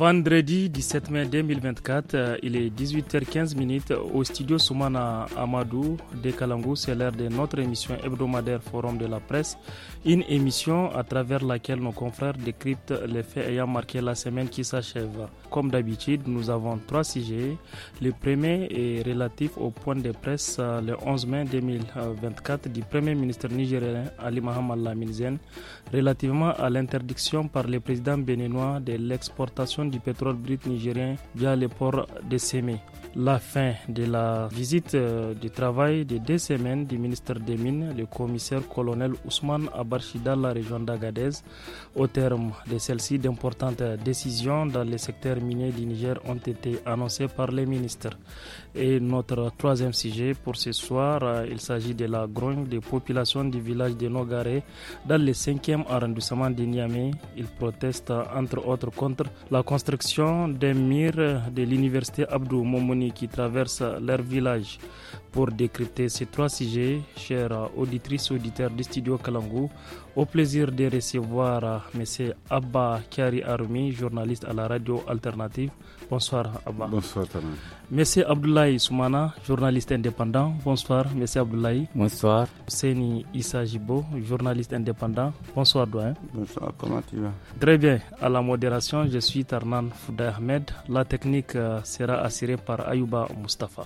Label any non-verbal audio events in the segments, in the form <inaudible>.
Vendredi 17 mai 2024, euh, il est 18h15 euh, au studio Soumana Amadou de Kalangou. C'est l'heure de notre émission hebdomadaire Forum de la presse, une émission à travers laquelle nos confrères décryptent les faits ayant marqué la semaine qui s'achève. Comme d'habitude, nous avons trois sujets. Le premier est relatif au point de presse euh, le 11 mai 2024 du Premier ministre nigérien Ali Mohamed Laminzen relativement à l'interdiction par le président béninois de l'exportation du pétrole brut nigérien via les ports de Sémé. La fin de la visite euh, de travail de deux semaines du ministre des Mines, le commissaire colonel Ousmane Abarchida, la région d'Agadez, au terme de celle-ci, d'importantes décisions dans le secteur minier du Niger ont été annoncées par les ministres. Et notre troisième sujet pour ce soir, euh, il s'agit de la grogne des populations du village de Nogaré dans le 5e arrondissement de Niamey. Ils protestent entre autres contre la construction d'un mur de l'université Abdou Momoni qui traverse leur village pour décrypter ces trois sujets, chères auditrices, auditeurs du studio Kalangou. Au plaisir de recevoir euh, M. Abba Kari Arumi, journaliste à la radio alternative. Bonsoir Abba. Bonsoir Tarnan. M. Abdoulaye Soumana, journaliste indépendant. Bonsoir M. Abdoulaye. Bonsoir. Seni Issa Jibo, journaliste indépendant. Bonsoir Douane. Bonsoir, comment tu vas Très bien. À la modération, je suis Tarnan Fouda Ahmed. La technique euh, sera assurée par Ayouba Mustafa.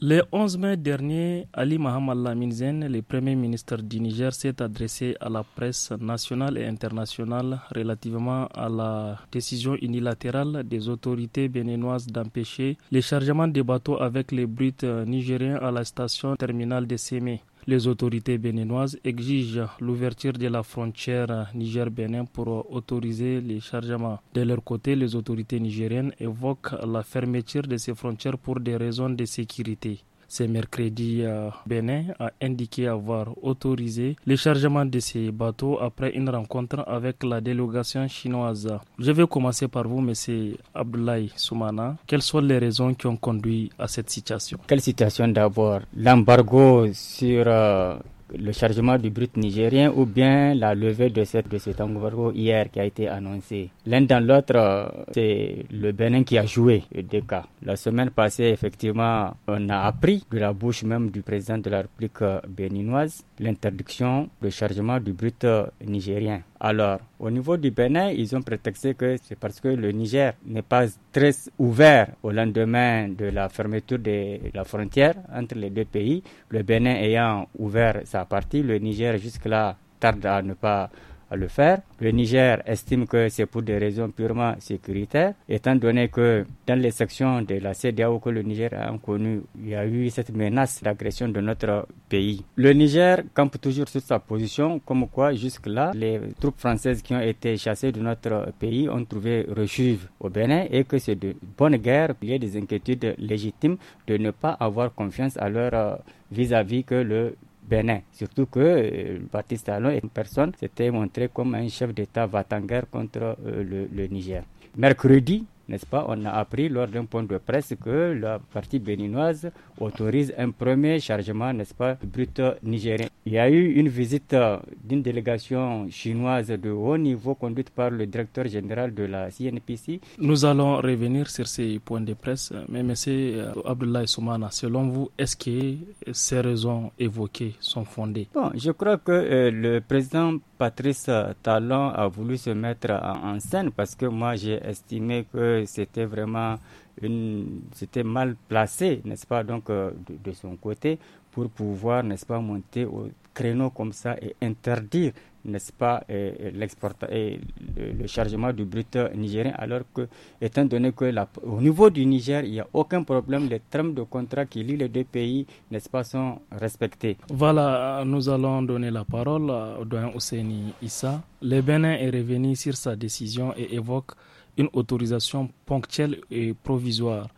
Le 11 mai dernier, Ali Mohamed Minzen, le premier ministre du Niger, s'est adressé à la presse nationale et internationale relativement à la décision unilatérale des autorités béninoises d'empêcher les chargements des bateaux avec les brutes nigériens à la station terminale de Sémé. Les autorités béninoises exigent l'ouverture de la frontière Niger-Bénin pour autoriser les chargements. De leur côté, les autorités nigériennes évoquent la fermeture de ces frontières pour des raisons de sécurité. C'est mercredi euh, Benin a indiqué avoir autorisé le chargement de ces bateaux après une rencontre avec la délégation chinoise. Je vais commencer par vous, Monsieur Abdoulaye Soumana. Quelles sont les raisons qui ont conduit à cette situation Quelle situation d'avoir L'embargo sur euh, le chargement du brut nigérien ou bien la levée de, cette, de cet embargo hier qui a été annoncé. L'un dans l'autre, euh, c'est le Bénin qui a joué des cas. La semaine passée, effectivement, on a appris de la bouche même du président de la République euh, béninoise l'interdiction de chargement du brut euh, nigérien. Alors, au niveau du Bénin, ils ont prétexté que c'est parce que le Niger n'est pas très ouvert au lendemain de la fermeture de la frontière entre les deux pays, le Bénin ayant ouvert sa sa partie. Le Niger, jusque-là, tarde à ne pas le faire. Le Niger estime que c'est pour des raisons purement sécuritaires, étant donné que dans les sections de la CDAO que le Niger a connu, il y a eu cette menace d'agression de notre pays. Le Niger campe toujours sur sa position, comme quoi jusque-là, les troupes françaises qui ont été chassées de notre pays ont trouvé refuge au Bénin et que c'est de bonne guerre. Il y a des inquiétudes légitimes de ne pas avoir confiance à leur vis à -vis que le Bénin. Surtout que euh, Baptiste Baptiste est une personne, s'était montré comme un chef d'État vatanguer contre euh, le, le Niger. Mercredi, n'est-ce pas On a appris lors d'un point de presse que la partie béninoise autorise un premier chargement, n'est-ce pas, brut nigérien. Il y a eu une visite euh, d'une délégation chinoise de haut niveau conduite par le directeur général de la CNPC. Nous allons revenir sur ces points de presse, mais monsieur euh, Abdullah Soumana, selon vous, est-ce que ces raisons évoquées sont fondées Bon, je crois que euh, le président Patrice Talon a voulu se mettre en scène parce que moi j'ai estimé que c'était vraiment une, c'était mal placé, n'est-ce pas, donc euh, de, son côté, pour pouvoir, n'est-ce pas, monter au créneau comme ça et interdire, n'est-ce pas, et le, chargement du brut nigérien, alors que, étant donné que au niveau du Niger, il n'y a aucun problème, les termes de contrat qui lient les deux pays, n'est-ce pas, sont respectés. Voilà, nous allons donner la parole à doyen Ousseini Issa. Le Bénin est revenu sur sa décision et évoque une autorisation ponctuelle et provisoire.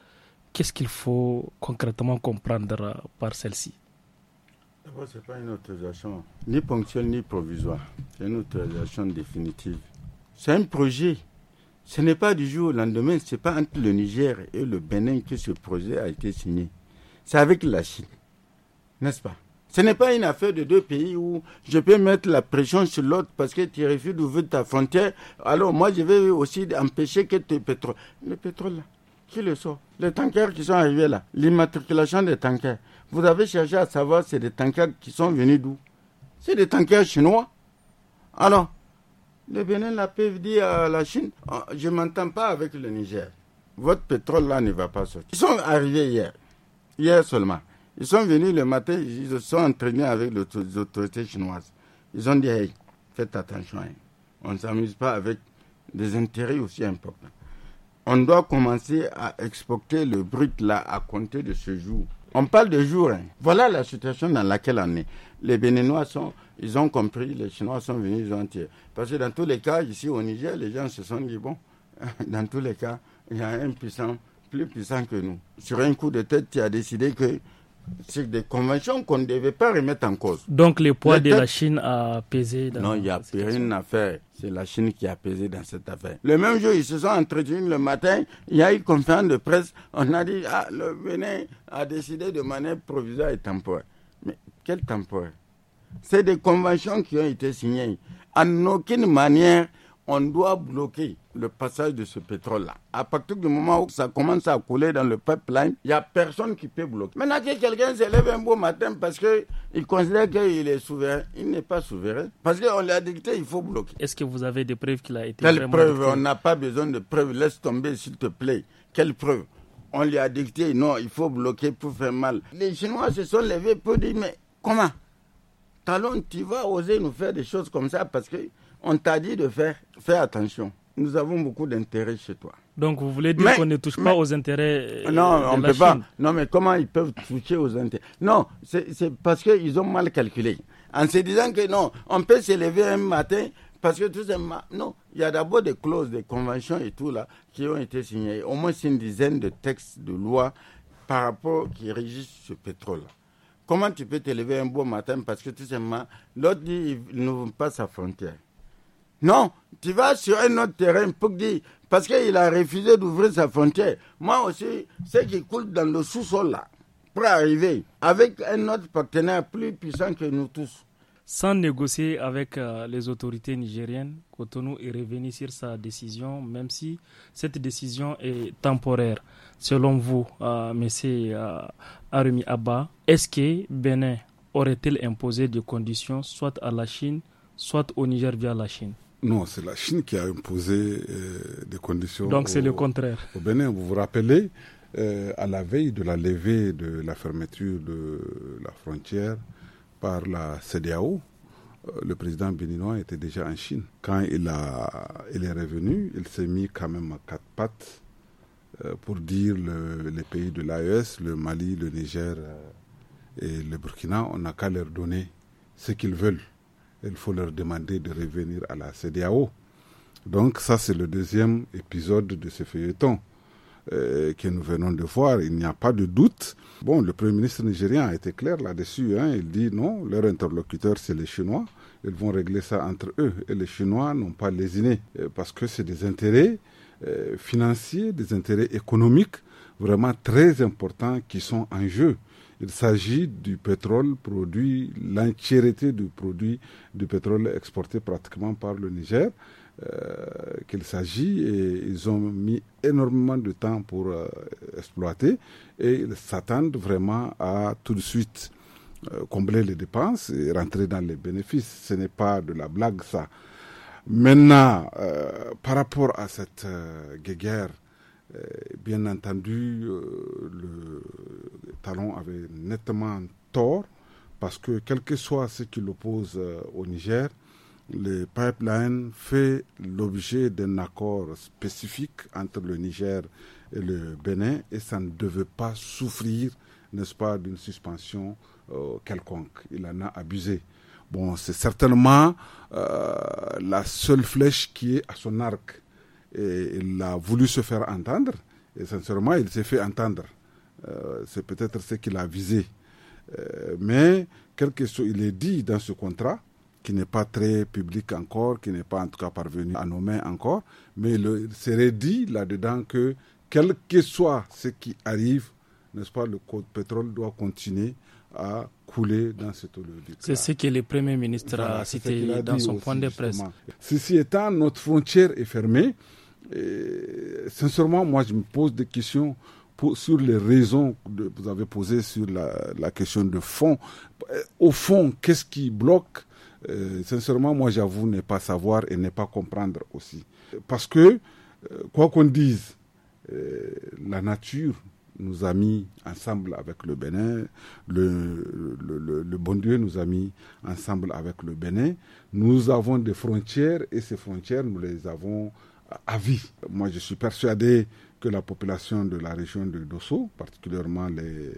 Qu'est-ce qu'il faut concrètement comprendre par celle-ci D'abord, ce n'est pas une autorisation ni ponctuelle ni provisoire. C'est une autorisation définitive. C'est un projet. Ce n'est pas du jour au lendemain. Ce n'est pas entre le Niger et le Bénin que ce projet a été signé. C'est avec la Chine. N'est-ce pas ce n'est pas une affaire de deux pays où je peux mettre la pression sur l'autre parce que tu refuses d'ouvrir ta frontière. Alors moi, je vais aussi empêcher que tu pétrole. Le pétrole, là, qui le sort Les tankers qui sont arrivés là, l'immatriculation des tankers. Vous avez cherché à savoir c'est des tankers qui sont venus d'où C'est des tankers chinois. Alors, le Bénin la peut dire à la Chine, oh, je ne m'entends pas avec le Niger. Votre pétrole là ne va pas sortir. Ils sont arrivés hier, hier seulement. Ils sont venus le matin, ils se sont entraînés avec les autorités chinoises. Ils ont dit, faites attention, hein. on ne s'amuse pas avec des intérêts aussi importants. On doit commencer à exporter le brut là à compter de ce jour. On parle de jour. Hein. Voilà la situation dans laquelle on est. Les Béninois sont, ils ont compris, les Chinois sont venus, ils ont tiré. Parce que dans tous les cas, ici au Niger, les gens se sont dit, bon, <laughs> dans tous les cas, il y a un puissant, plus puissant que nous. Sur un coup de tête, tu as décidé que c'est des conventions qu'on ne devait pas remettre en cause. Donc le poids de la Chine a pesé dans Non, il n'y a plus rien à faire. C'est la Chine qui a pesé dans cette affaire. Le même jour, ils se sont entretenus le matin. Il y a eu conférence de presse. On a dit, ah, le Bénin a décidé de manière provisoire et temporaire. Mais quel temporaire C'est des conventions qui ont été signées. En aucune manière, on doit bloquer le passage de ce pétrole-là. À partir du moment où ça commence à couler dans le pipeline, il n'y a personne qui peut bloquer. Maintenant que quelqu'un se lève un beau matin parce qu'il considère qu'il est souverain, il n'est pas souverain. Parce qu'on l'a dicté, il faut bloquer. Est-ce que vous avez des preuves qu'il a été Quelle preuve On n'a pas besoin de preuves. Laisse tomber, s'il te plaît. Quelle preuve On lui a dicté, non, il faut bloquer pour faire mal. Les Chinois se sont levés pour dire, mais comment Talon, tu vas oser nous faire des choses comme ça parce que on t'a dit de faire, attention. Nous avons beaucoup d'intérêts chez toi. Donc vous voulez dire qu'on ne touche pas aux intérêts euh, Non, on ne peut pas. Non, mais comment ils peuvent toucher aux intérêts Non, c'est parce qu'ils ont mal calculé. En se disant que non, on peut se lever un matin parce que tout simplement, non, il y a d'abord des clauses, des conventions et tout là qui ont été signées. Au moins une dizaine de textes de loi par rapport qui régissent ce pétrole. Comment tu peux te lever un beau matin parce que tout simplement, l'autre dit, ne vont pas sa frontière. Non, tu vas sur un autre terrain pour dire, parce qu'il a refusé d'ouvrir sa frontière. Moi aussi, ce qui coule dans le sous-sol là, pour arriver avec un autre partenaire plus puissant que nous tous. Sans négocier avec euh, les autorités nigériennes, Cotonou est revenu sur sa décision, même si cette décision est temporaire. Selon vous, Monsieur M. Euh, Arumi Abba, est-ce que Bénin aurait-il imposé des conditions soit à la Chine, soit au Niger via la Chine non, c'est la Chine qui a imposé euh, des conditions. Donc c'est le contraire. Au Bénin, vous vous rappelez, euh, à la veille de la levée de la fermeture de la frontière par la CDAO, euh, le président béninois était déjà en Chine. Quand il, a, il est revenu, il s'est mis quand même à quatre pattes pour dire le, les pays de l'AES, le Mali, le Niger et le Burkina, on n'a qu'à leur donner ce qu'ils veulent il faut leur demander de revenir à la CDAO. Donc ça, c'est le deuxième épisode de ce feuilleton euh, que nous venons de voir. Il n'y a pas de doute. Bon, le Premier ministre nigérien a été clair là-dessus. Hein. Il dit non, leur interlocuteur, c'est les Chinois. Ils vont régler ça entre eux. Et les Chinois n'ont pas lésiné euh, parce que c'est des intérêts euh, financiers, des intérêts économiques vraiment très importants qui sont en jeu. Il s'agit du pétrole produit, l'entièreté du produit du pétrole exporté pratiquement par le Niger. Euh, qu'il s'agit et ils ont mis énormément de temps pour euh, exploiter et ils s'attendent vraiment à tout de suite euh, combler les dépenses et rentrer dans les bénéfices. Ce n'est pas de la blague ça. Maintenant, par rapport à cette guerre euh, bien entendu, euh, le Talon avait nettement tort parce que quel que soit ce qui l'oppose euh, au Niger, le pipeline fait l'objet d'un accord spécifique entre le Niger et le Bénin et ça ne devait pas souffrir, n'est-ce pas, d'une suspension quelconque. Il en a abusé. Bon, c'est certainement la seule flèche qui est à son arc il a voulu se faire entendre. Et sincèrement, il s'est fait entendre. Euh, c'est peut-être ce qu'il a visé. Euh, mais quelque chose, il est dit dans ce contrat qui n'est pas très public encore, qui n'est pas en tout cas parvenu à nos mains encore, mais il serait dit là-dedans que quel que soit ce qui arrive, n'est-ce pas, le pétrole doit continuer à couler dans cette olivier. C'est ce que le Premier ministre a cité dans son point de presse. Ceci étant, notre frontière est fermée. Et, sincèrement, moi, je me pose des questions sur les raisons que vous avez posées sur la, question de fond. Euh, au fond, qu'est-ce qui bloque euh, Sincèrement, moi, j'avoue ne pas savoir et ne pas comprendre aussi. Parce que, euh, quoi qu'on dise, la nature nous a mis ensemble avec le Bénin, le, bon Dieu nous a mis ensemble avec le Bénin. Nous avons des frontières et ces frontières, nous les avons à vie. Moi, je suis persuadé que la population de la région de Dosso, particulièrement les,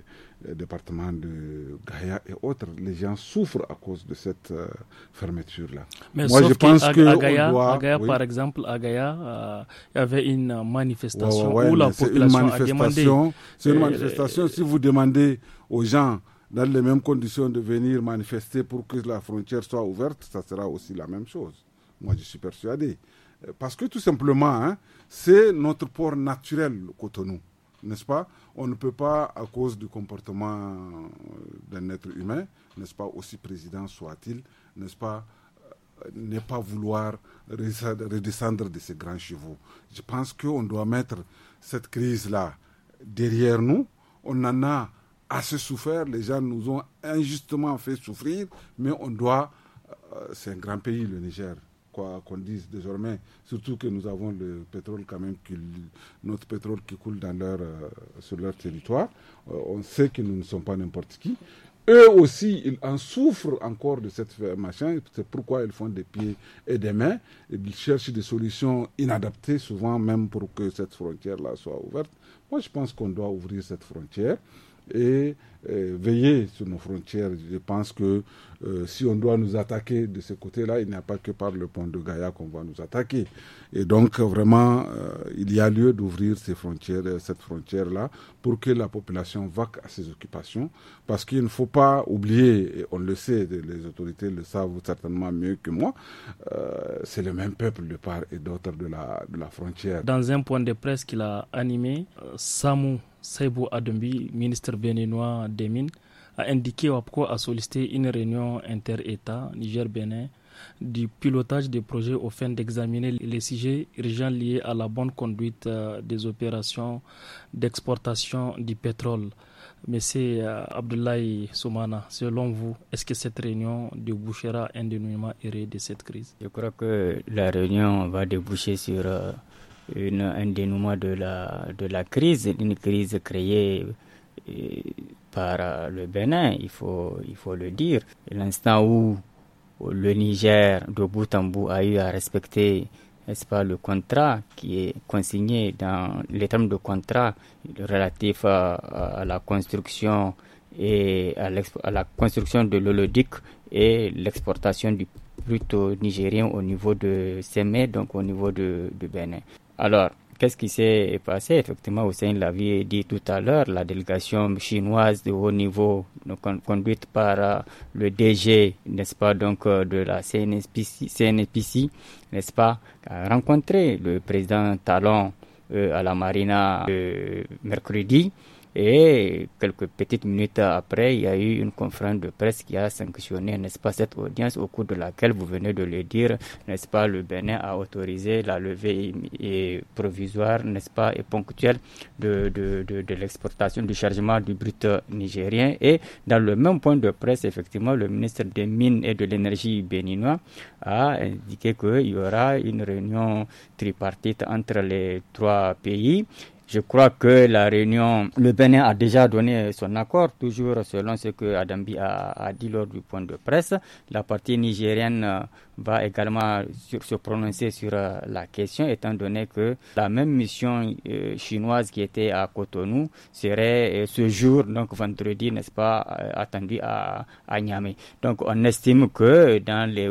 départements de Gaïa et autres, les gens souffrent à cause de cette euh, fermeture-là. Mais Moi, je pense que à Gaïa, par exemple, à Gaïa, euh, il y avait une manifestation la population une manifestation, C'est une euh, manifestation. si vous demandez aux gens dans les mêmes conditions de venir manifester pour que la frontière soit ouverte, ça sera aussi la même chose. Moi, je suis persuadé. Parce que tout simplement, hein, c'est notre port naturel, le cotonou, n'est-ce pas On ne peut pas, à cause du comportement euh, d'un être humain, n'est-ce pas, aussi président soit-il, n'est-ce pas, euh, ne pas vouloir redescendre de ces grands chevaux. Je pense qu'on doit mettre cette crise-là derrière nous. On en a assez souffert, les gens nous ont injustement fait souffrir, mais on doit... Euh, c'est un grand pays, le Niger qu'on dise désormais, surtout que nous avons le pétrole quand même, notre pétrole qui coule dans leur, euh, sur leur territoire. Euh, on sait que nous ne sommes pas n'importe qui. Eux aussi, ils en souffrent encore de cette machin. C'est pourquoi ils font des pieds et des mains. Et ils cherchent des solutions inadaptées, souvent même pour que cette frontière-là soit ouverte. Moi, je pense qu'on doit ouvrir cette frontière et euh, veiller sur nos frontières. Je pense que euh, si on doit nous attaquer de ce côté-là, il n'y a pas que par le pont de Gaïa qu'on va nous attaquer. Et donc vraiment, euh, il y a lieu d'ouvrir ces frontières, cette frontière-là, pour que la population vaque à ses occupations, parce qu'il ne faut pas oublier, et on le sait, les autorités le savent certainement mieux que moi, c'est le même peuple de part et d'autre de la, de la frontière. Dans un point de presse qu'il a animé, Samu... Saibou Adembi, ministre béninois des Mines, a indiqué WAPCO a sollicité une réunion inter-État Niger-Bénin du pilotage des projets afin d'examiner les sujets urgents liés à la bonne conduite euh, des opérations d'exportation du pétrole. Monsieur Abdoulaye Soumana, selon vous, est-ce que cette réunion débouchera indéniablement dénouement de cette crise Je crois que la réunion va déboucher sur euh, un dénouement de la, de la crise, une crise créée euh, par euh, le Bénin, il faut, il faut le dire. L'instant où le Niger, de bout en bout, a eu à respecter n'est-ce pas, le contrat qui est consigné dans les termes de contrat relatifs à, la construction et à, la construction de l'olodique et l'exportation du plutôt nigérien au niveau de Sémé, donc au niveau de, de Bénin. Alors, qu'est-ce qui s'est passé Effectivement, la vie dit tout à l'heure, la délégation chinoise de haut niveau conduite par euh, le DG, n'est-ce pas, donc euh, de la CNPC, n'est-ce pas, a rencontré le président Talon euh, à la Marina mercredi. Et quelques petites minutes après, il y a eu une conférence de presse qui a sanctionné, n'est-ce pas, cette audience au cours de laquelle vous venez de le dire, n'est-ce pas, le Bénin a autorisé la levée provisoire, n'est-ce pas, et ponctuelle de, de, de, de l'exportation du chargement du brut nigérien. Et dans le même point de presse, effectivement, le ministre des Mines et de l'Énergie béninois a indiqué qu'il y aura une réunion tripartite entre les trois pays je crois que la réunion, le Bénin a déjà donné son accord, toujours selon ce que Adambi a, a dit lors du point de presse. La partie nigérienne euh, va également se prononcer sur euh, la question, étant donné que la même mission euh, chinoise qui était à Cotonou serait ce jour, donc vendredi, n'est-ce pas, attendue à, à Niamey. Donc on estime que dans les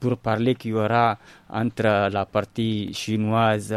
pourparlers qu'il y aura entre la partie chinoise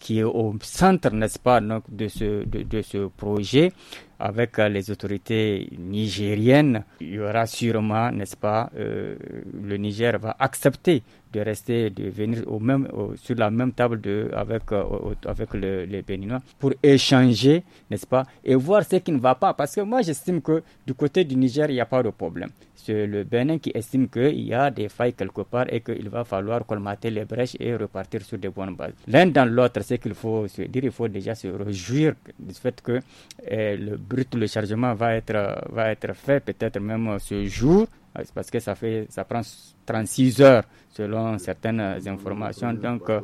qui est au centre, n'est-ce pas, donc, de, ce, de, ce projet avec euh, les autorités nigériennes. Il y aura sûrement, n'est-ce pas, euh, le Niger va accepter de rester, de venir au même, sur la même table de, avec, euh, avec le, les Béninois pour échanger, n'est-ce pas, et voir ce qui ne va pas. Parce que moi, j'estime que du côté du Niger, il n'y a pas de problème. C'est le Bénin qui estime qu'il y a des failles quelque part et qu'il va falloir colmater les brèches et repartir sur des bonnes bases. L'un dans l'autre, c'est qu'il faut se dire, il faut déjà se réjouir du fait que eh, le brut, le chargement va être, va être fait peut-être même ce jour c'est parce que ça fait, ça prend 36 heures selon certaines informations. Donc euh,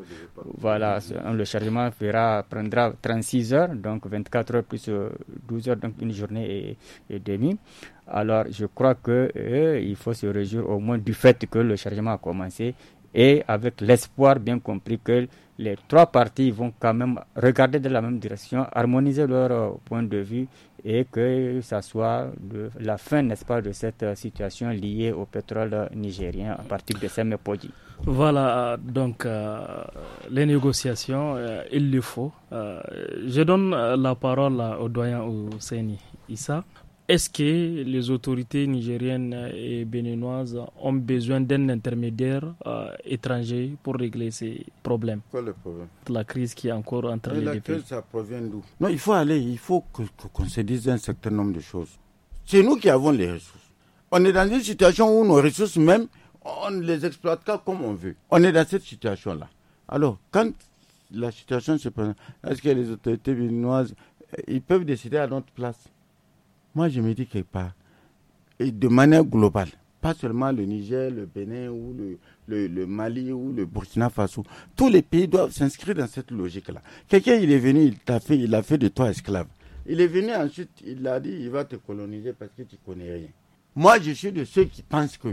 voilà, le chargement fera, prendra 36 heures, donc 24 heures plus 12 euh, heures, donc une journée et, demie. Alors je crois que euh, il faut se réjouir au moins du fait que le chargement a commencé et avec l'espoir bien compris que les trois parties vont quand même regarder de la même direction, harmoniser leur point de vue et que ce soit la fin, n'est-ce pas, de cette euh, situation liée au pétrole nigérien à partir de ces mépodies. Voilà, euh, donc euh, les négociations, il le faut. je donne la parole au doyen Ouseni Issa est-ce que les autorités nigériennes et béninoises ont besoin d'un intermédiaire euh, étranger pour régler ces problèmes Quel est le problème La crise qui est encore en train les deux pays. ça provient d'où Non, il faut aller, il faut qu'on que, se dise un certain nombre de choses. C'est nous qui avons les ressources. On est dans une situation où nos ressources même, on ne les exploite pas comme on veut. On est dans cette situation-là. Alors, quand la situation se présente, est-ce que les autorités béninoises, euh, ils peuvent décider à notre place moi, je me dis quelque part, et de manière globale, pas seulement le Niger, le Bénin ou le, Mali ou le Burkina Faso, tous les pays doivent s'inscrire dans cette logique-là. Quelqu'un, il est venu, il t'a fait, il a fait de toi esclave. Il est venu ensuite, il a dit, il va te coloniser parce que tu connais rien. Moi, je suis de ceux qui pensent que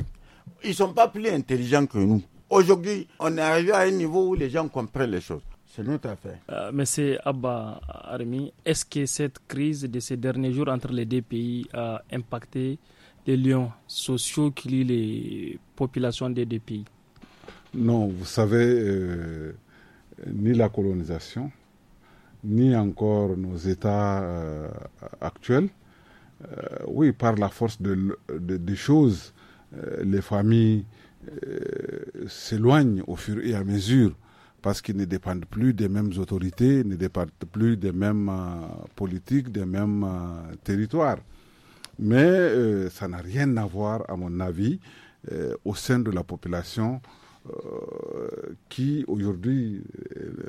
ils sont pas plus intelligents que nous. Aujourd'hui, on est arrivé à un niveau où les gens comprennent les choses. C'est tout à fait. Monsieur Abba Armi, est-ce que cette crise de ces derniers jours entre les deux pays a impacté les liens sociaux qui lient les populations des deux pays Non, vous savez, euh, ni la colonisation, ni encore nos États euh, actuels. Euh, oui, par la force des de, choses, les familles s'éloignent au fur et à mesure parce qu'ils ne dépendent plus des mêmes autorités, ne dépendent plus des mêmes euh, politiques, des mêmes euh, territoires. Mais euh, ça n'a rien à voir, à mon avis, au sein de la population qui, aujourd'hui,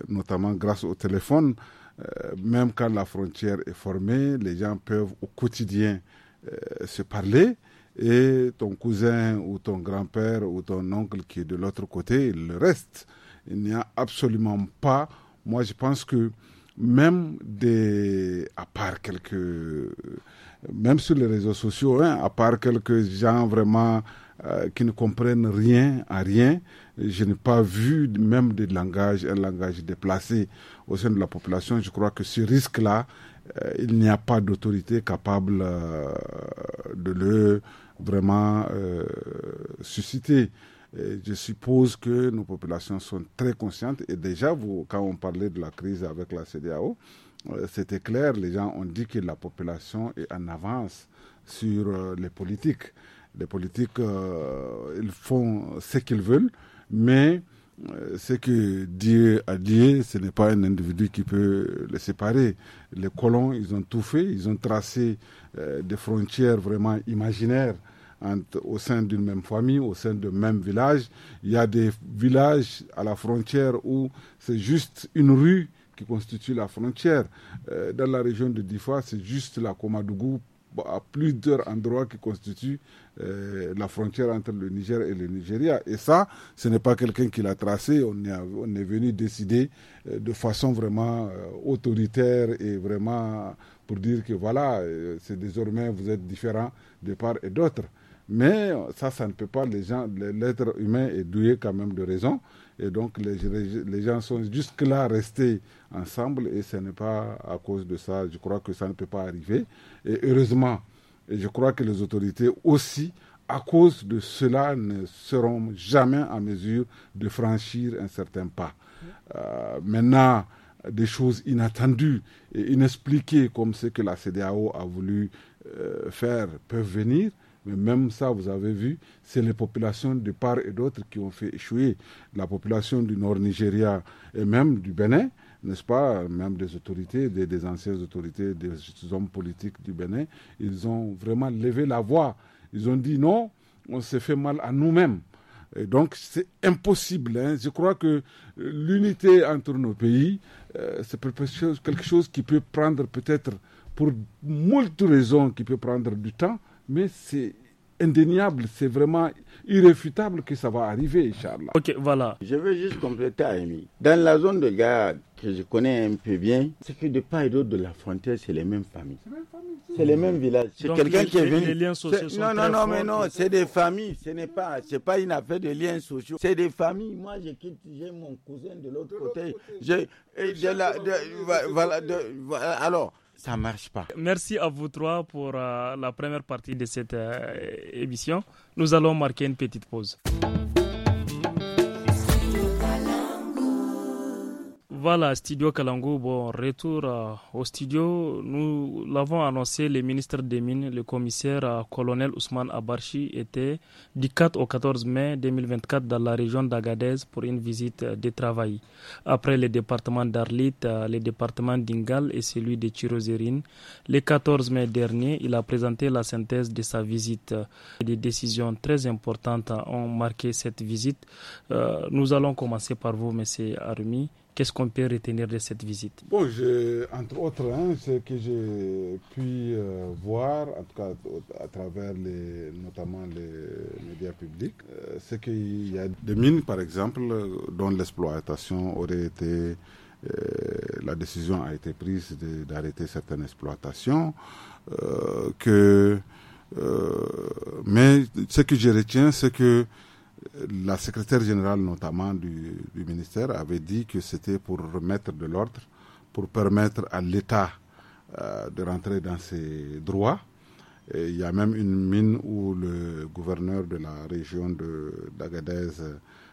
notamment grâce au téléphone, même quand la frontière est formée, les gens peuvent au quotidien se parler et ton cousin ou ton grand-père ou ton oncle qui est de l'autre côté, le reste il n'y a absolument pas. Moi, je pense que même des, à part quelques, même sur les réseaux sociaux, hein, à part quelques gens vraiment euh, qui ne comprennent rien à rien, je n'ai pas vu même des langage, un langage déplacé au sein de la population. Je crois que ce risque-là, euh, il n'y a pas d'autorité capable euh, de le vraiment susciter je suppose que nos populations sont très conscientes. Et déjà, quand on parlait de la crise avec la CDAO, euh, c'était clair, les gens ont dit que la population est en avance sur euh, les politiques. Les politiques, euh, ils font ce qu'ils veulent, mais ce que Dieu a dit, ce n'est pas un individu qui peut les séparer. Les colons, ils ont tout fait, ils ont tracé des frontières vraiment imaginaires au sein d'une même famille, au sein de même village. Il y a des villages à la frontière où c'est juste une rue qui constitue la frontière. Euh, dans la région de Difa, c'est juste la Komadougou bah, à plusieurs endroits qui constituent euh, la frontière entre le Niger et le Nigeria. Et ça, ce n'est pas quelqu'un qui l'a tracé, on est, on est venu décider euh, de façon vraiment autoritaire et vraiment pour dire que voilà, c'est désormais vous êtes différents de part et d'autre. Mais euh, ça, ça ne peut pas. Les gens, l'être humain est doué quand même de raison. Et donc, les, gens sont jusque-là restés ensemble et ce n'est pas à cause de ça. Je crois que ça ne peut pas arriver. Et heureusement, je crois que les autorités aussi, à cause de cela, ne seront jamais en mesure de franchir un certain pas. Euh, maintenant, des choses inattendues et inexpliquées comme ce que la CDAO a voulu euh, faire peuvent venir. Mais même ça, vous avez vu, c'est les populations de part et d'autre qui ont fait échouer. La population du nord Nigeria et même du Bénin, n'est-ce pas, même des autorités, des, anciennes autorités, des hommes politiques du Bénin, ils ont vraiment levé la voix. Ils ont dit non, on s'est fait mal à nous-mêmes. Et donc c'est impossible. Hein. Je crois que euh, l'unité entre nos pays, euh, c'est quelque chose qui peut prendre peut-être pour moult raisons, qui peut prendre du temps, mais c'est indéniable, c'est vraiment irréfutable que ça va arriver, Inch'Allah. Ok, voilà. Je veux juste compléter, Amy. Dans la zone de garde, que je connais un peu bien, c'est que de part et d'autre de la frontière, c'est les mêmes familles. C'est les mêmes villages. C'est quelqu'un qui est venu. liens sociaux non, non, non, mais non, c'est des familles. Ce n'est pas, c'est pas une affaire de liens sociaux. C'est des familles. Moi, j'ai mon cousin de l'autre côté. J'ai, voilà, voilà, alors ça marche pas. Merci à vous trois pour euh, la première partie de cette euh, émission. Nous allons marquer une petite pause. Voilà, Studio Kalangou, bon retour euh, au studio. Nous l'avons annoncé, le ministre des Mines, le commissaire euh, colonel Ousmane Abarchi était du 4 au 14 mai 2024 dans la région d'Agadez pour une visite euh, de travail. Après les départements d'Arlit, les départements d'Ingal et celui de Chirozérine, le 14 mai dernier, il a présenté la synthèse de sa visite. Des décisions très importantes hein, ont marqué cette visite. nous allons commencer par vous, monsieur Armi. Qu'est-ce qu'on peut retenir de cette visite entre autres, hein, ce que j'ai pu euh, voir, en tout cas à, travers les, notamment les médias publics, euh, c'est qu'il y a des mines, par exemple, dont l'exploitation aurait été... Euh, la décision a été prise d'arrêter certaines exploitations, que, mais ce que je retiens, c'est que la secrétaire générale notamment du, ministère avait dit que c'était pour remettre de l'ordre, pour permettre à l'État euh, de rentrer dans ses droits. Et il y a même une mine où le gouverneur de la région d'Agadez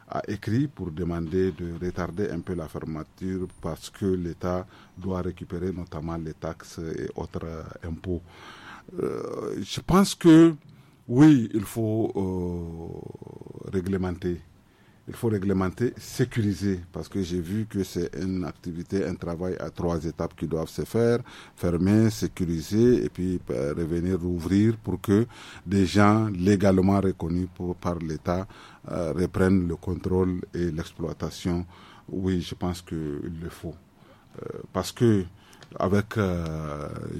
a écrit pour demander de retarder un peu la fermeture parce que l'État doit récupérer notamment les taxes et autres euh, impôts. Euh, je pense que oui, il faut euh, réglementer. Il faut réglementer, sécuriser, parce que j'ai vu que c'est une activité, un travail à trois étapes qui doivent se faire, fermer, sécuriser et puis euh, revenir ouvrir pour que des gens légalement reconnus par l'État euh, reprennent le contrôle et l'exploitation. Oui, je pense qu'il le faut. parce que avec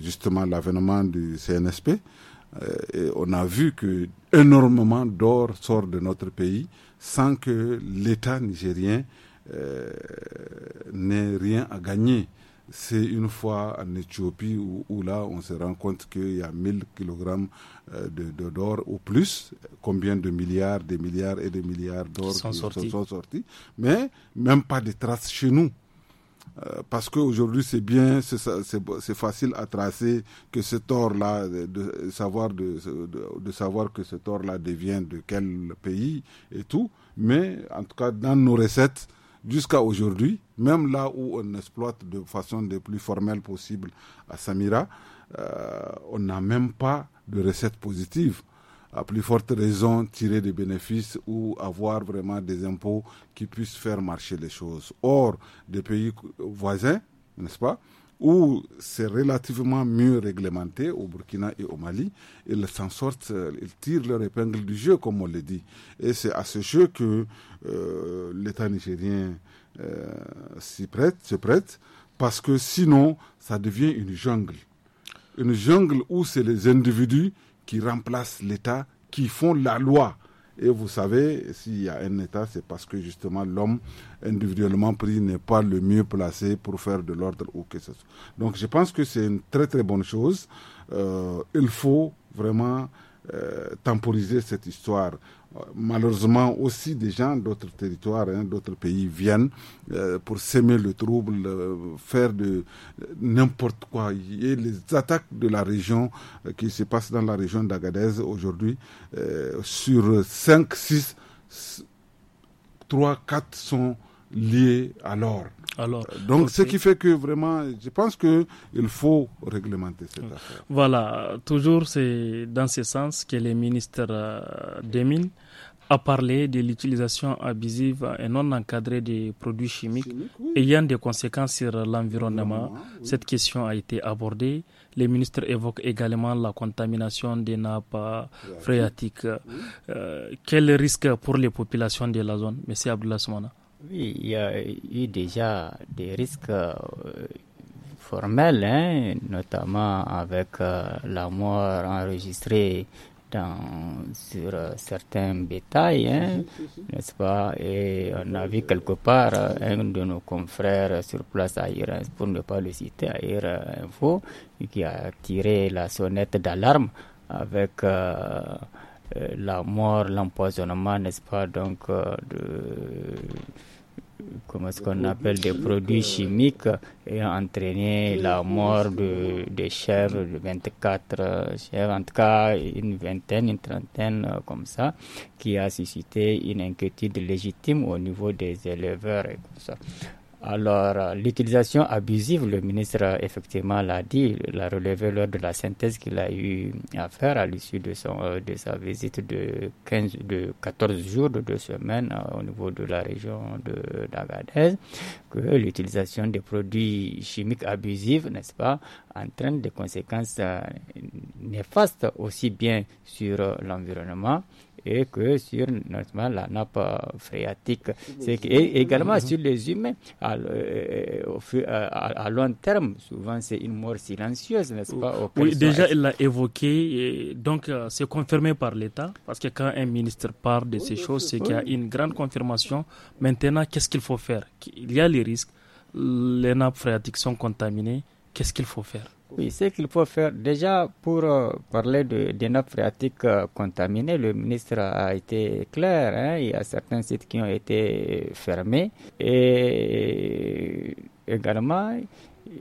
justement l'avènement du CNSP, euh, on a vu que énormément d'or sort de notre pays sans que l'État nigérien euh, n'ait rien à gagner. C'est une fois en Éthiopie où, là on se rend compte qu'il y a 1000 kg euh, de d'or ou plus, combien de milliards, des milliards et des milliards d'or qui sont, sortis. Mais même pas de traces chez nous. Euh, parce qu'aujourd'hui, c'est bien, c'est facile à tracer que ce or là de, savoir de, de, savoir que ce tort-là devient de quel pays et tout. Mais en tout cas, dans nos recettes, jusqu'à aujourd'hui, même là où on exploite de façon la plus formelle possible à Samira, euh, on n'a même pas de recettes positives à plus forte raison tirer des bénéfices ou avoir vraiment des impôts qui puissent faire marcher les choses. Or, des pays voisins, n'est-ce pas, où c'est relativement mieux réglementé au Burkina et au Mali, ils s'en sortent, ils tirent leur épingle du jeu, comme on le dit. Et c'est à ce jeu que euh, l'État nigérien euh, s'y prête, se prête, parce que sinon, ça devient une jungle. Une jungle où c'est les individus qui remplacent l'État, qui font la loi. Et vous savez, s'il y a un État, c'est parce que justement l'homme individuellement pris n'est pas le mieux placé pour faire de l'ordre ou que ce soit. Donc je pense que c'est une très très bonne chose. Euh, il faut vraiment euh, temporiser cette histoire malheureusement aussi des gens d'autres territoires, hein, d'autres pays viennent euh, pour semer le trouble, euh, faire de n'importe quoi. Et les attaques de la région euh, qui se passent dans la région d'Agadez aujourd'hui, sur 5, 6, 3, 4 sont liées à l'or. Euh, donc, ce qui fait que vraiment, je pense qu'il faut réglementer cette affaire. Voilà, toujours c'est dans ce sens que le ministre euh, des Mines a parlé de l'utilisation abusive et non encadrée des produits chimiques ayant des conséquences sur l'environnement. Cette question a été abordée. Les ministre évoque également la contamination des nappes euh, phréatiques. quel risque pour les populations de la zone, Monsieur Abdullah Soumana oui, il y a eu déjà des risques euh, formels, hein, notamment avec euh, la mort enregistrée dans, sur euh, certains bétails, hein, mhm. n'est-ce pas Et on a vu quelque part un de nos confrères sur place pour ne pas le citer, ailleurs info, qui a tiré la sonnette d'alarme avec la mort, l'empoisonnement, n'est-ce pas, donc de comment ce qu'on appelle des produits chimiques et a entraîné la mort de, des chèvres de 24 euh, chèvres, en tout cas une vingtaine, une trentaine euh, comme ça, qui a suscité une inquiétude légitime au niveau des éleveurs et comme ça. Alors, euh, l'utilisation abusive, le ministre effectivement l'a dit, l'a relevé lors de la synthèse qu'il a eu à faire à l'issue de, euh, de sa visite de, 15, de 14 jours, de deux semaines euh, au niveau de la région de d'Agadez, que l'utilisation des produits chimiques abusifs, n'est-ce pas, entraîne des conséquences néfastes aussi bien sur l'environnement et que sur la nappe euh, phréatique. et également sur les humains euh, euh, à, long terme. Souvent, c'est une mort silencieuse, n'est-ce pas Oui, déjà, il l'a évoqué. Et donc, c'est confirmé par l'État parce que quand un ministre parle de ces choses, c'est qu'il y a une grande confirmation. Maintenant, qu'est-ce qu'il faut faire Il y a les risques. Les nappes phréatiques sont contaminées. Qu'est-ce qu'il faut faire oui, ce qu'il faut faire, déjà pour euh, parler de, des nappes phréatiques euh, contaminées, le ministre a été clair, hein, il y a certains sites qui ont été fermés et également,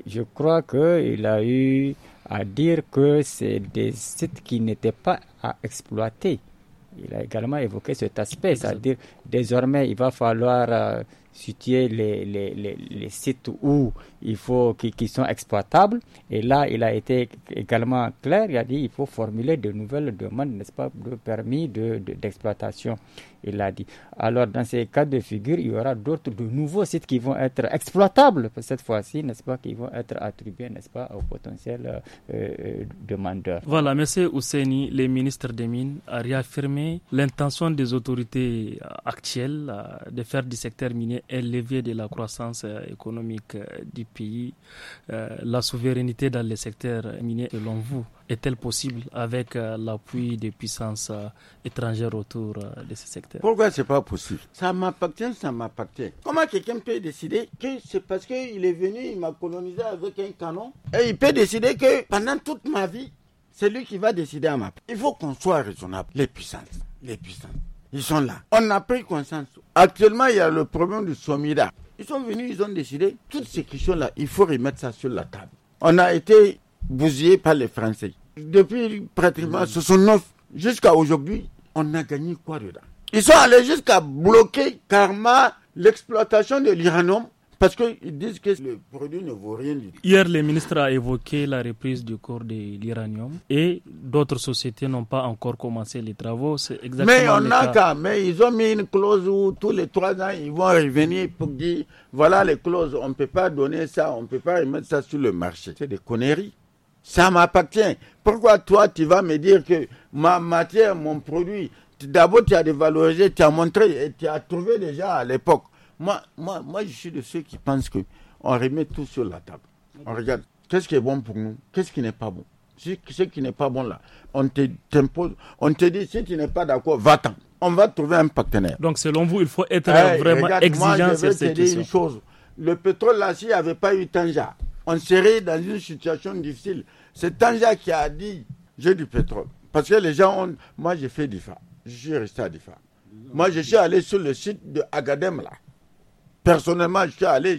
je crois qu'il a eu à dire que c'est des sites qui n'étaient pas à exploiter. Il a également évoqué cet aspect, c'est-à-dire désormais il va falloir euh, situer les, les, les, sites où il faut, qu'ils soient sont exploitables. Et là, il a été également clair, il a dit il faut formuler de nouvelles demandes, n'est-ce pas, de permis d'exploitation. De, d'exploitation il a dit. Alors, dans ces cas de figure, il y aura d'autres, de nouveaux sites qui vont être exploitables cette fois-ci, n'est-ce pas, qui vont être attribués, n'est-ce pas, aux potentiels euh, euh, demandeurs. Voilà, Monsieur Ousseini, le ministre des Mines, a réaffirmé l'intention des autorités actuelles euh, de faire du secteur minier est levier de la croissance euh, économique euh, du pays. Euh, la souveraineté dans les secteurs miniers, selon vous, est-elle possible avec l'appui des puissances étrangères autour de ces secteurs Pourquoi ce n'est pas possible Ça m'appartient, ça m'appartient. Comment quelqu'un peut décider que c'est parce qu'il est venu, il m'a colonisé avec un canon et il peut décider que pendant toute ma vie, c'est lui qui va décider à ma place. Il faut qu'on soit raisonnable. Les puissances, les puissances. Ils sont là. On a pris conscience. Actuellement, il y a le problème du Somira. Ils sont venus, ils ont décidé. Toutes ces questions-là, il faut remettre ça sur la table. On a été bousillés par les Français. Depuis pratiquement 69 jusqu'à aujourd'hui, on a gagné quoi dedans Ils sont allés jusqu'à bloquer karma l'exploitation de l'uranium parce qu'ils disent que le produit ne vaut rien Hier, le ministre a évoqué la reprise du corps de l'uranium et d'autres sociétés n'ont pas encore commencé les travaux. mais on a qu'à, mais ils ont mis une clause où tous les trois ans, ils vont revenir pour dire voilà les clauses, on ne peut pas donner ça, on ne peut pas mettre ça sur le marché. C'est des conneries. Ça m'appartient. Pourquoi toi, tu vas me dire que ma matière, mon produit, d'abord tu as dévalorisé, tu as montré et tu as trouvé déjà à l'époque moi, moi, je suis de ceux qui pensent que on remet tout sur la table. On regarde qu'est-ce qui est bon pour nous, qu'est-ce qui n'est pas bon. Ce qui n'est pas bon là, on te, on te dit si tu n'es pas d'accord, va-t'en. On va trouver un partenaire. Donc selon vous, il faut être vraiment regarde, exigeant moi, je vais te dire une chose. Le pétrole là, s'il n'y avait pas eu Tanja, on serait dans une situation difficile. C'est Tanja qui a dit j'ai du pétrole. Parce que les gens ont. Moi, j'ai fait Difa. Je suis resté à Difa. Moi, je suis allé sur le site de Agadem là. Personnellement, je suis allé,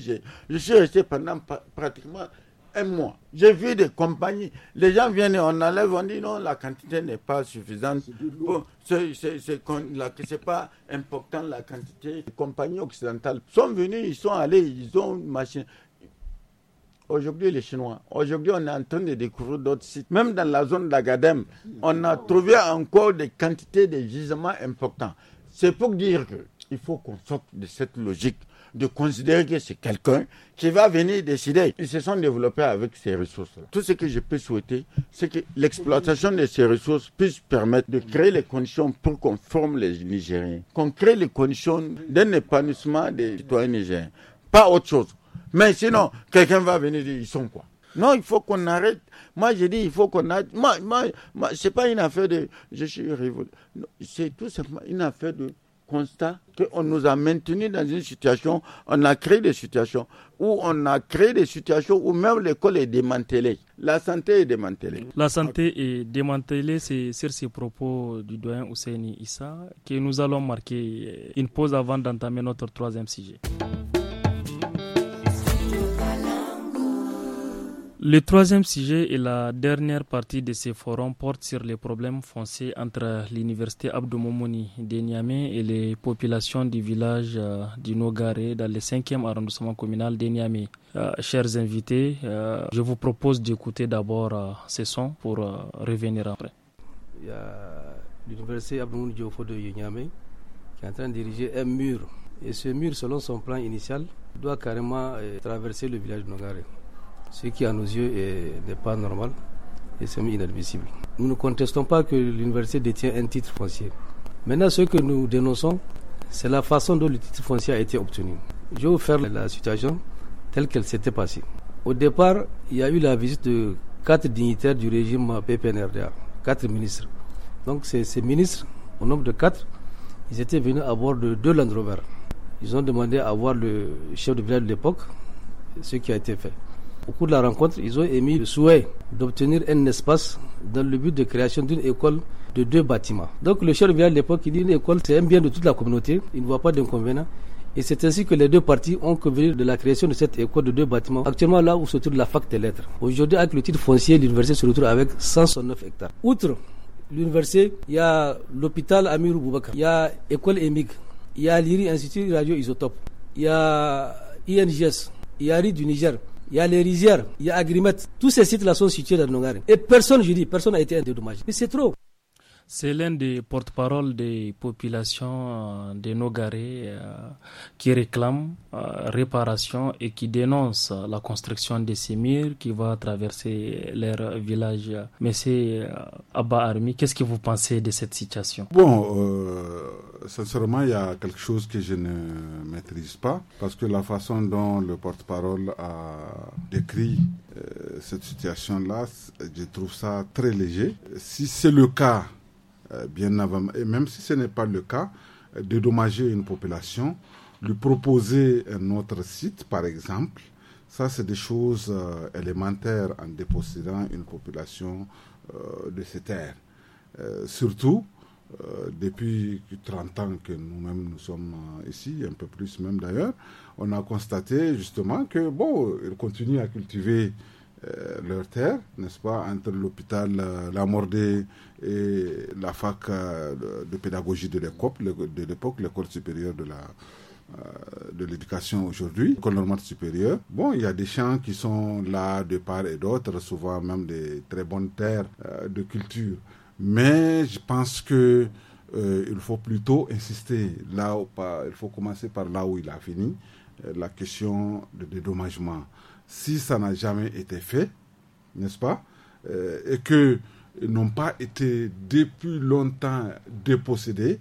je, suis resté pendant pratiquement un mois. J'ai vu des compagnies. Les gens viennent, on enlève, on dit non, la quantité n'est pas suffisante. C'est pas important la quantité. Les compagnies occidentales sont venues, ils sont allés, ils ont une machine. Aujourd'hui, les Chinois. Aujourd'hui, on est en train de découvrir d'autres sites. Même dans la zone d'Agadem, on a trouvé encore des quantités de gisements importants. C'est pour dire qu'il faut qu'on sorte de cette logique de considérer que c'est quelqu'un qui va venir décider. Ils se sont développés avec ces ressources-là. Tout ce que je peux souhaiter, c'est que l'exploitation de ces ressources puisse permettre de créer les conditions pour qu'on forme les Nigériens, qu'on crée les conditions d'un épanouissement des citoyens nigériens. Pas autre chose. Mais sinon, quelqu'un va venir dire, ils sont quoi non, il faut qu'on arrête. Moi, j'ai dit, il faut qu'on arrête. Moi, moi, c'est pas une affaire de. Je suis révolté. C'est tout simplement une affaire de constat qu'on nous a maintenu dans une situation, on a créé des situations où on a créé des situations où même l'école est démantelée. La santé est démantelée. La santé est démantelée, c'est sur ces propos du doyen Ousseini Issa que nous allons marquer une pause avant d'entamer notre troisième sujet. Le troisième sujet et la dernière partie de ce forum portent sur les problèmes foncés entre l'université Abdou Moumouni de Niamey et les populations du village euh, du Nogaré dans le 5e arrondissement communal de Niamey. Euh, chers invités, euh, je vous propose d'écouter d'abord ces sons pour revenir après. Il y a l'université Abdou de Niamey qui est en train de diriger un mur. Et ce mur, selon son plan initial, doit carrément traverser le village de Nogaré ce qui à nos yeux n'est pas normal et c'est inadmissible. Nous ne contestons pas que l'université détient un titre foncier. Maintenant, ce que nous dénonçons, c'est la façon dont le titre foncier a été obtenu. Je vais vous faire la situation telle qu'elle s'était passée. Au départ, il y a eu la visite de quatre dignitaires du régime PPNRDA, quatre ministres. Donc ces, ces ministres, au nombre de quatre, ils étaient venus à bord de deux Land Rover. Ils ont demandé à voir le chef de village de l'époque, ce qui a été fait. Au cours de la rencontre, ils ont émis le souhait d'obtenir un espace dans le but de création d'une école de deux bâtiments. Donc le chef de à l'époque, il dit une école, c'est un bien de toute la communauté, il ne voit pas d'inconvénient. Et c'est ainsi que les deux parties ont convenu de la création de cette école de deux bâtiments, actuellement là où se trouve la fac des lettres. Aujourd'hui, avec le titre foncier, l'université se retrouve avec 109 hectares. Outre l'université, il y a l'hôpital Amirou Boubaka, il y a l'école EMIG, il y a l'IRI Institut Radio Isotope, il y a INGS, il y a RI du Niger, il y a les rizières, il y a Agrimet. Tous ces sites-là sont situés dans le Nongare. Et personne, je dis, personne n'a été endommagé. Mais c'est trop. C'est l'un des porte-parole des populations euh, de Nogaré euh, qui réclament euh, réparation et qui dénonce la construction de ces murs qui va traverser leur village. Mais c'est Abba Armi, qu'est-ce que vous pensez de cette situation Bon, sincèrement, il y a quelque chose que je ne maîtrise pas parce que la façon dont le porte-parole a décrit cette situation-là, je trouve ça très léger. Si c'est le cas, euh, bien avant, et même si ce n'est pas le cas, euh, dédommager une population, lui proposer un autre site, par exemple. Ça, c'est des choses euh, élémentaires en dépossédant une population de ces terres. surtout, depuis 30 ans que nous-mêmes nous sommes ici, un peu plus même d'ailleurs, on a constaté justement que, bon, il continue à cultiver euh, leur terre, n'est-ce pas, entre l'hôpital euh, La Mordée et la fac euh, de pédagogie de l'époque, de l'époque, l'école supérieure de la, de l'éducation aujourd'hui, l'école normale supérieure. Bon, il y a des champs qui sont là de part et d'autre, souvent même des très bonnes terres de culture. Mais je pense que il faut plutôt insister là où pas, il faut commencer par là où il a fini, la question de dédommagement si ça n'a jamais été fait, n'est-ce pas, euh, et que n'ont pas été depuis longtemps dépossédés,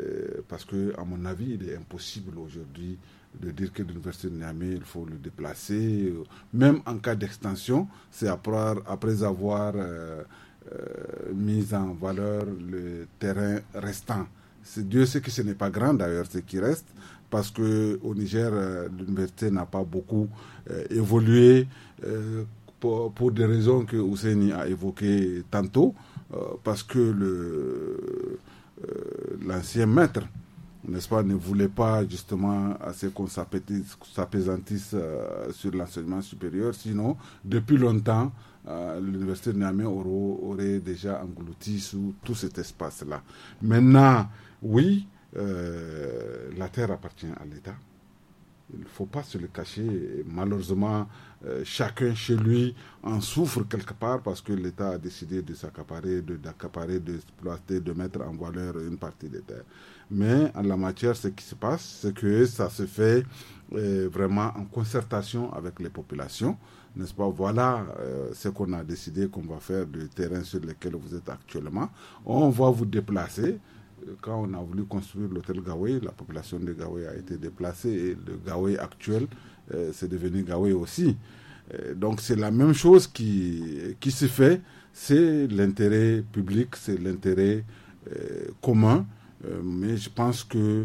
euh, parce que, à mon avis, il est impossible aujourd'hui de dire que l'université de Niamey, il faut le déplacer. Euh, même en cas d'extension, c'est après, après, avoir mis en valeur le terrain restant. Dieu sait que ce n'est pas grand d'ailleurs ce qui reste, parce que au Niger, euh, l'université n'a pas beaucoup euh, évolué euh, pour, des raisons que Ousseini a évoquées tantôt, parce que l'ancien maître n'est-ce pas, ne voulait pas justement qu'on s'apaisantisse sur l'enseignement supérieur. Sinon, depuis longtemps, l'université de Niamey aurait, déjà englouti sous tout cet espace-là. Maintenant, oui, euh, la terre appartient à l'État. Il ne faut pas se le cacher. malheureusement, euh, chacun chez lui en souffre quelque part parce que l'État a décidé de s'accaparer, d'accaparer, d'exploiter, de mettre en valeur une partie des terres. Mais en la matière, ce qui se passe, c'est que ça se fait euh, vraiment en concertation avec les populations. N'est-ce pas Voilà ce qu'on a décidé qu'on va faire du terrain sur lequel vous êtes actuellement. On va vous déplacer quand on a voulu construire l'hôtel Gawé, la population de Gawé a été déplacée et le Gawé actuel, s'est euh, devenu Gawé aussi. Euh, donc c'est la même chose qui, qui se fait, c'est l'intérêt public, c'est l'intérêt euh, commun, mais je pense que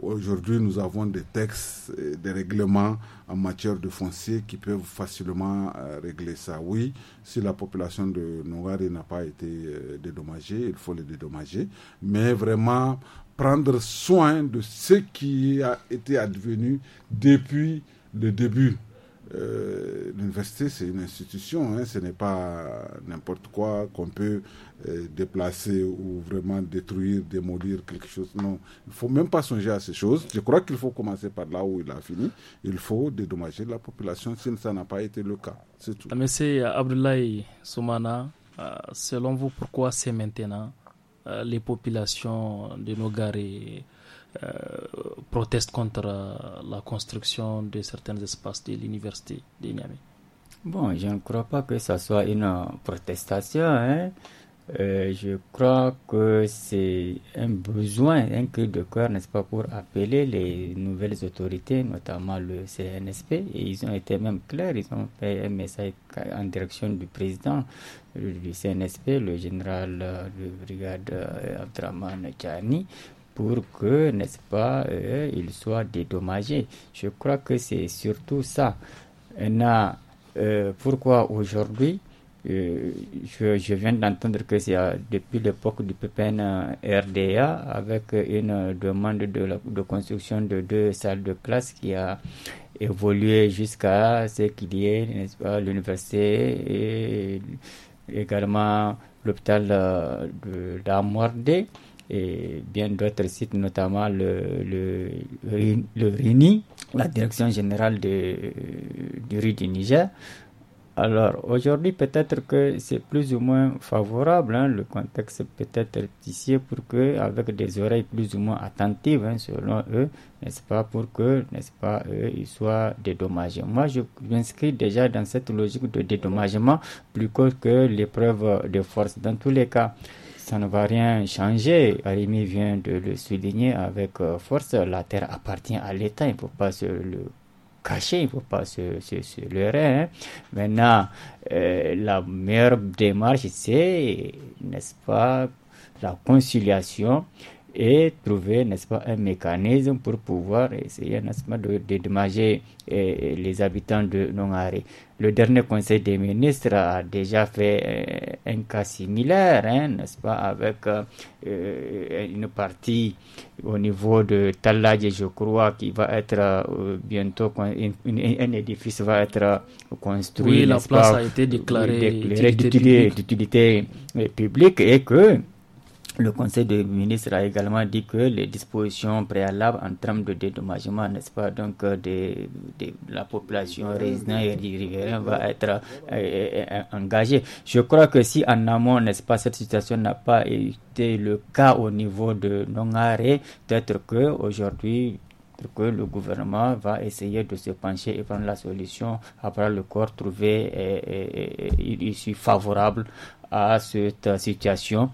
Aujourd'hui, nous avons des textes, des règlements en matière de foncier qui peuvent facilement euh, régler ça. Oui, si la population de Nogari n'a pas été euh, dédommagée, il faut les dédommager. Mais vraiment, prendre soin de ce qui a été advenu depuis le début euh, l'université, c'est une institution, hein. ce n'est pas n'importe quoi qu'on peut euh, déplacer ou vraiment détruire, démolir quelque chose. Non, il ne faut même pas songer à ces choses. Je crois qu'il faut commencer par là où il a fini. Il faut dédommager la population si ça n'a pas été le cas. C'est tout. Monsieur Abdoulaye Soumana, euh, selon vous, pourquoi c'est maintenant les populations de nos euh, proteste contre euh, la construction de certains espaces de l'université de Niamey Bon, je ne crois pas que ce soit une protestation. Hein. Euh, je crois que c'est un besoin, un cri de cœur, n'est-ce pas, pour appeler les nouvelles autorités, notamment le CNSP. Et ils ont été même clairs, ils ont fait un message en direction du président du CNSP, le général de brigade Abdraman Chani, pour que, n'est-ce pas, euh, ils soient dédommagés. Je crois que c'est surtout ça. Euh, pourquoi aujourd'hui euh, je, viens d'entendre que c'est euh, depuis l'époque du PPN RDA avec une demande de, construction de deux salles de classe qui a évolué jusqu'à ce qu'il y ait n'est-ce pas, l'université et également l'hôpital de, et bien d'autres sites, notamment le, le, le RINI, la Direction Générale du riz du Niger. Alors aujourd'hui, peut-être que c'est plus ou moins favorable, hein, le contexte peut-être ici pour que, avec des oreilles plus ou moins attentives, hein, selon eux, n'est-ce pas, pour que, n'est-ce pas, eux, ils soient dédommagés. Moi, je m'inscris déjà dans cette logique de dédommagement plus que l'épreuve de force. Dans tous les cas, ça ne va rien changer. Arimi vient de le souligner avec euh, force. La terre appartient à l'État. Il ne faut pas se le cacher, il ne faut pas se, se, se leurrer. Hein. Maintenant, euh, la meilleure démarche, c'est, n'est-ce pas, la conciliation et trouver, n'est-ce pas, un mécanisme pour pouvoir essayer, n'est-ce pas, de dédommager eh, les habitants de Nongare. Le dernier Conseil des ministres a déjà fait eh, un cas similaire, hein, n'est-ce pas, avec eh, une partie au niveau de et je crois, qui va être bientôt, un édifice va être construit. Oui, la place a été déclarée d'utilité publique et que le Conseil des ministres a également dit que les dispositions préalables en termes de dédommagement, n'est-ce pas, donc euh, de, la population résidente et riveraine va être euh, euh, engagée. Je crois que si en amont, n'est-ce pas, cette situation n'a pas été le cas au niveau de non-arrêt, peut-être que aujourd'hui que le gouvernement va essayer de se pencher et prendre la solution après le corps trouver euh, Il est favorable à cette situation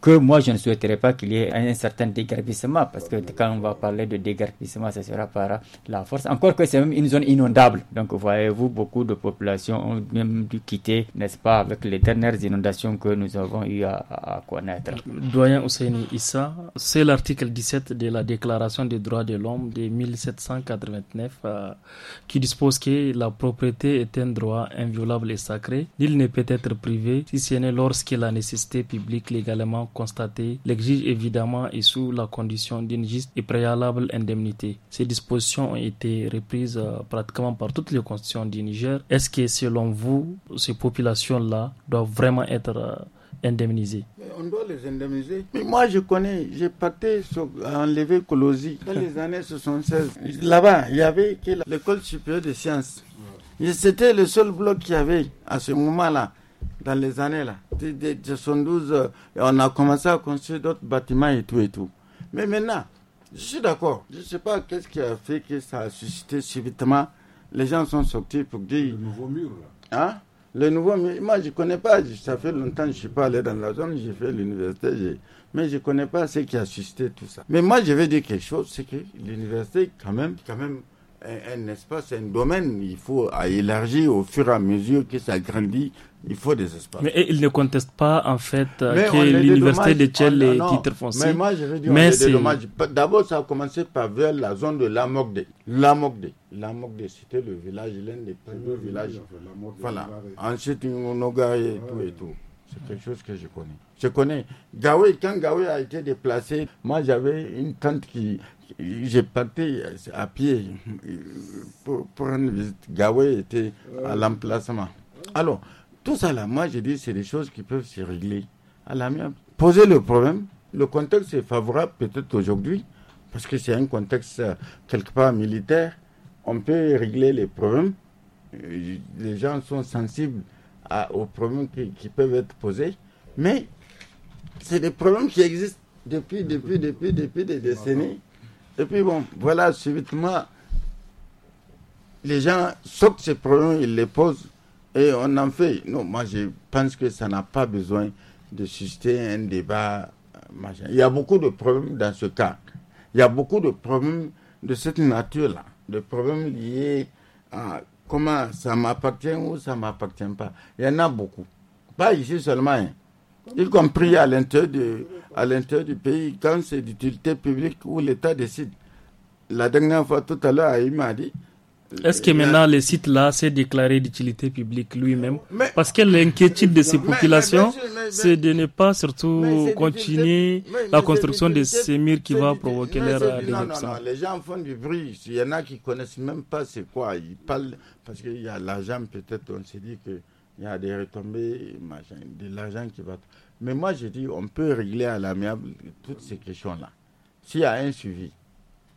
que moi je ne souhaiterais pas qu'il y ait un certain dégarpissement, parce que quand on va parler de dégarpissement, ce sera par la force. Encore que c'est même une zone inondable. Donc voyez-vous, beaucoup de populations ont même dû quitter, n'est-ce pas, avec les dernières inondations que nous avons eu à, connaître. Doyen Ousseini Issa, c'est l'article 17 de la Déclaration des droits de l'homme de 1789 euh, qui dispose que la propriété est un droit inviolable et sacré. il ne peut être privé, si ce n'est lorsque la nécessité publique légalement constaté, l'exige évidemment et sous la condition d'une juste et préalable indemnité. Ces dispositions ont été reprises euh, pratiquement par toutes les constitutions du Niger. Est-ce que selon vous, ces populations-là doivent vraiment être euh, indemnisées on doit les indemniser. Mais moi, je connais, j'ai parté à enlever Colosi dans les <laughs> années 76. Là-bas, il y avait l'école supérieure des sciences. C'était le seul bloc qu'il y avait à ce moment-là dans les années là. 72, on a commencé à construire d'autres bâtiments et tout et tout. Mais maintenant, je suis d'accord. Je ne sais pas qu'est-ce qui a fait que ça a suscité subitement. Les gens sont sortis pour dire. Le nouveau mur là. Hein? Le nouveau mur. Moi, je ne connais pas. Ça fait longtemps que je ne suis pas allé dans la zone. J'ai fait l'université. Mais je ne connais pas ce qui a suscité tout ça. Mais moi, je vais dire quelque chose. C'est que l'université, quand même, quand même, un, espace, un domaine, il faut élargir au fur et à mesure que ça grandit. Il faut des espaces. Mais il ne conteste pas, en fait, que l'université détienne est titre fonciers. Mais moi, je veux dire, D'abord, ça a commencé par vers la zone de Lamogde. Lamogde. Lamogde, c'était le village, l'un des premiers villages. Village, voilà. Ensuite, Nogari et tout et tout. C'est quelque chose que je connais. Je connais. Gawé, quand Gawé a été déplacé, moi j'avais une tante qui. J'ai parti à pied pour, pour une visite. Gawé était à l'emplacement. Alors, tout ça là, moi j'ai dit, c'est des choses qui peuvent se régler à l'amiable. Poser le problème, le contexte est favorable peut-être aujourd'hui, parce que c'est un contexte quelque part militaire. On peut régler les problèmes. Euh, les gens sont sensibles aux problèmes qui, peuvent être posés, mais c'est des problèmes qui existent depuis, depuis, depuis, depuis des décennies. Et puis bon, voilà, subitement, les gens sortent ces problèmes, ils les posent et on en fait. Non, moi je pense que ça n'a pas besoin de susciter un débat. Euh, machin. Il y a beaucoup de problèmes dans ce cas. Il y a beaucoup de problèmes de cette nature-là, de problèmes liés à Comment ça m'appartient ou ça m'appartient pas Il y en a beaucoup. Pas ici seulement, hein. y compris à l'intérieur du, à du pays, quand c'est d'utilité publique où l'État décide. La dernière fois, tout à l'heure, il m'a dit est-ce que maintenant le site là s'est déclaré d'utilité publique lui-même Parce que l'inquiétude de ces populations, c'est de ne pas surtout continuer la construction de ces murs qui va provoquer leur euh, Non, non, non, les gens font du bruit. Il y en a qui connaissent même pas c'est quoi. Ils parlent parce qu'il y a l'argent peut-être. On se dit que il y a des retombées, machin, de l'argent qui va. Mais moi, je dis, on peut régler à l'amiable toutes ces questions-là. S'il y a un suivi,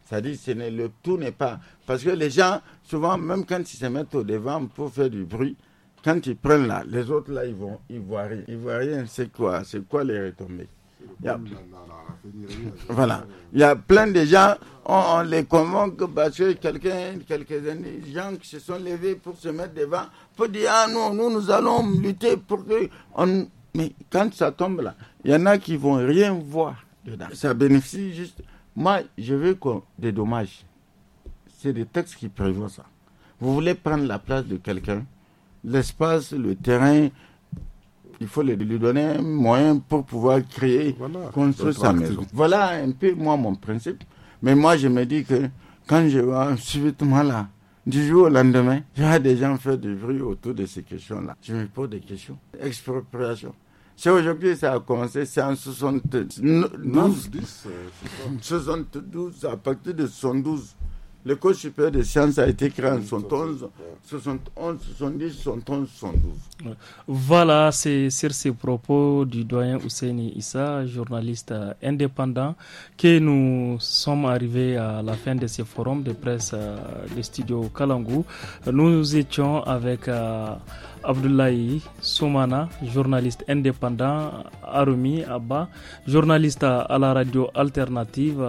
c'est-à-dire, le tout n'est pas. Parce que les gens, souvent, même quand ils se mettent au devant pour faire du bruit, quand ils prennent là, les autres là, ils vont, ils voient rien. Ils voient rien, c'est quoi C'est quoi les retombées Voilà. Il y a plein de gens, on, les convoque parce que quelqu'un, quelques gens qui se sont levés pour se mettre devant, pour dire Ah non, nous, nous allons lutter pour que. On... Mais quand ça tombe là, il y en a qui vont rien voir dedans. Ça bénéficie juste moi, je veux qu'on dommages. C'est des textes qui prévoient ça. Vous voulez prendre la place de quelqu'un, l'espace, le terrain, il faut lui donner un moyen pour pouvoir créer, construire sa maison. Voilà un peu, moi, mon principe. Mais moi, je me dis que quand je vois subitement là, du jour au lendemain, y a des gens faire du bruit autour de ces questions-là. Je me pose des questions. Expropriation. C'est aujourd'hui, ça a commencé, c'est en 72. 72, euh, à partir de 72. L'école supérieure des sciences a été créée en 71, 71, 70, 71, 72. Voilà, c'est sur ces propos du doyen Ousseini Issa, journaliste euh, indépendant, que nous sommes arrivés à la fin de ce forum de presse euh, des studios Kalangu. Nous étions avec. Abdoulaye Soumana, journaliste indépendant, Arumi Abba, journaliste à la radio alternative,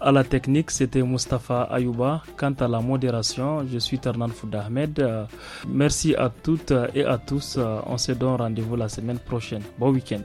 à la technique, c'était Mustapha Ayouba. Quant à la modération, je suis Ternan Foudahmed. Merci à toutes et à tous. On se donne rendez-vous la semaine prochaine. Bon week-end.